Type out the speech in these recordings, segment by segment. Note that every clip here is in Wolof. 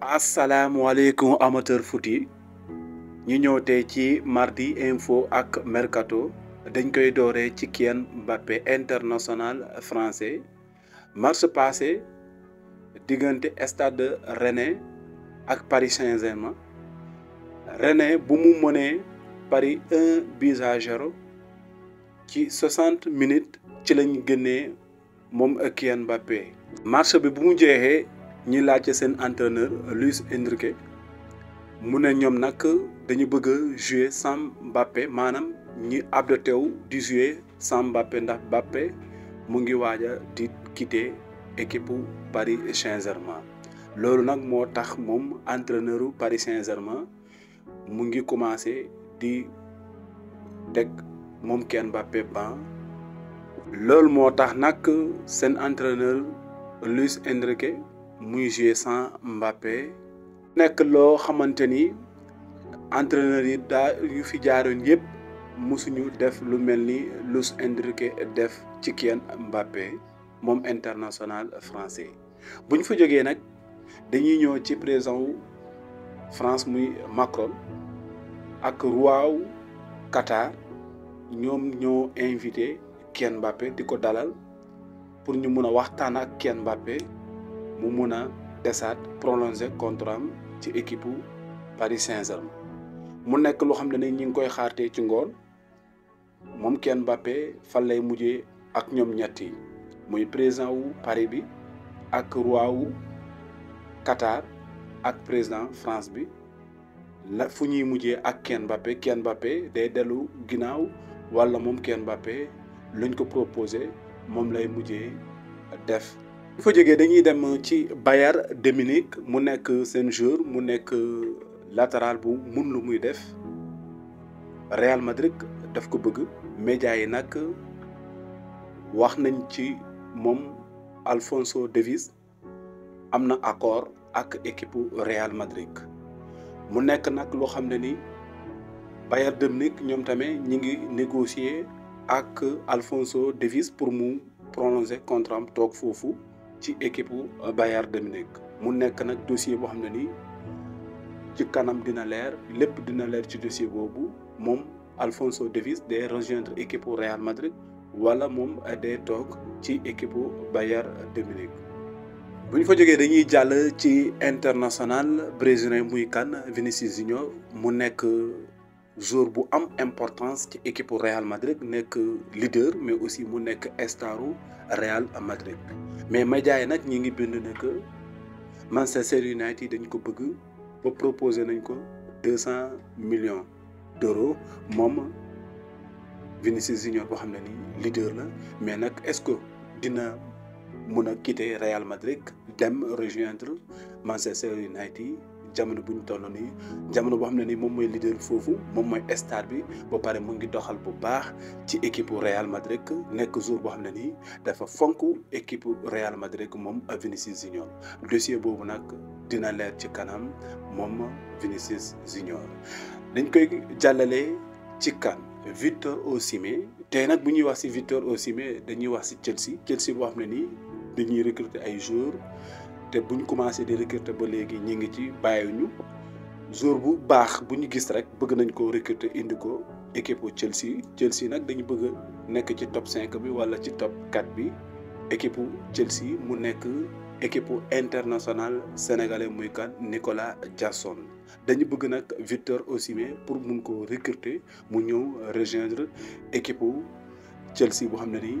alaikum amateur footy Nous ñu ñëw ci mardi info ak mercato dañ koy été ci Kylian Mbappé international français mars passé diggante stade Rennes ak Paris Saint-Germain Rennes bu mu mënee Paris 1 bis à 0 ci 60 minutes ci lañu génnee mom ak Kylian Mbappé. marché bi bu mu jeexee ñi laajte seen entraîneur Luis Enrique mu ne ñoom nag dañu bëgg a jouer sans Mbappé maanaam ñi abdoté wu di jouer sans Mbappé ndax Mbappé mu ngi waaj a di quitter équipe Paris Saint-Germain loolu nag moo tax moom entraîneuru Paris Saint-Germain mu ngi commencé di teg moom kenn Mbappé ban loolu moo tax nag seen entraîneur Luis Enrique muy jouer sans Mbappé. nekk loo xamante ni entraîneur yi daa yu fi jaaroon yëpp mosuñu def lu mel ni Luis Enrique def ci Kylian Mbappé moom international français bu ñu fa jógee nag dañuy ñëw ci président wu France muy Macron ak roi wu Qatar ñoom ñoo invité kenn Mbappé di ko dalal pour ñu mun a waxtaan ak kenn Mbappé. mu mun a desaat prolonger contre am ci équipe Paris Saint-Germain mu nekk loo xam ne ñi ngi koy xaartee ci ngoon moom Kylian Mbappé fan lay mujjee ak ñoom ñett yi muy président wu Paris bi ak roi wu Qatar ak président France bi la fu ñuy mujjee ak Kylian Mbappé Kylian Mbappé day dellu ginnaaw wala moom Kylian Mbappé luñ ko proposé moom lay mujjee def bu fa jógee dañuy dem ci Bayern de Munich mu nek sen jour mu nek latéral bu mun lu muy def Real Madrid daf ko bëgg média yi nak wax nañ ci mom Alfonso Davies amna accord ak équipe Real Madrid mu nek nak lo xamné ni Bayern de Munich ñoom tamit ñi ngi négocier ak Alfonso Davies pour mu prolonger contrat tok fofu ci équipe bu euh, Bayern Munich mu nekk nag dossier boo xam ne nii ci kanam dina leer lépp dina leer ci dossier boobu moom Alphonso Davies day rejoindre équipe bu Real Madrid wala moom day toog ci équipe bu Bayern Munich bu ñu fa jógee dañuy jàll ci international brésilien muy kan Vinicius Junior mu nekk. joueur bu am importance ci équipe Real Madrid nekk leader mais aussi mu nekk staru Real Madrid mais médias yi nag ñi ngi bind ne que Manchester United dañ ko bëgg ba proposer nañ ko 200 millions d'euros. mom Vinicius Junior bo xamné ni leader la mais nak est-ce que dina mëna quitter Real Madrid dem rejoindre Manchester United. jamono bu ñu toll nii jamono boo xam ne nii moom mooy leader foofu moom mooy star bi ba pare mu ngi doxal bu baax ci équipe Real Madrid nekk jour boo xam ne nii dafa fonk équipe Real Madrid moom Vinicius Junior dossier boobu nag dina leer ci kanam moom Vinicius Junior dañ koy jàllale ci kan Victor Osimhen tey nag bu ñuy wax si Victor Osimhen dañuy wax si Chelsea Chelsea boo xam ne nii ñuy recruter ay joueurs. te bu ñu commencé di recruter ba léegi ñi ngi ci bàyyiwuñu jour bu baax bu ñu gis rek bëgg nañ ko recruter indi ko équipe bu Chelsea Chelsea nag dañu bëgg nekk ci top cinq bi wala ci top 4 bi équipe bu Chelsea mu nekk équipe international sénégalais muy kan Nicolas Jackson dañu bëgg nag Victor Osimhen pour mun ko recruter mu ñëw rejoindre équipe bu Chelsea boo xam ne nii.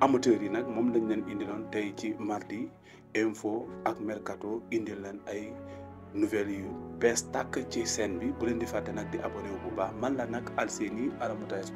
amateur yi nag moom dañ leen indiloon tey ci mardi info ak mercato indi leen ay nouvelles yu bees tàkk ci scène bi bu leen di nag di abonné wu bu baax man la nag Alseyni Aramatouyaye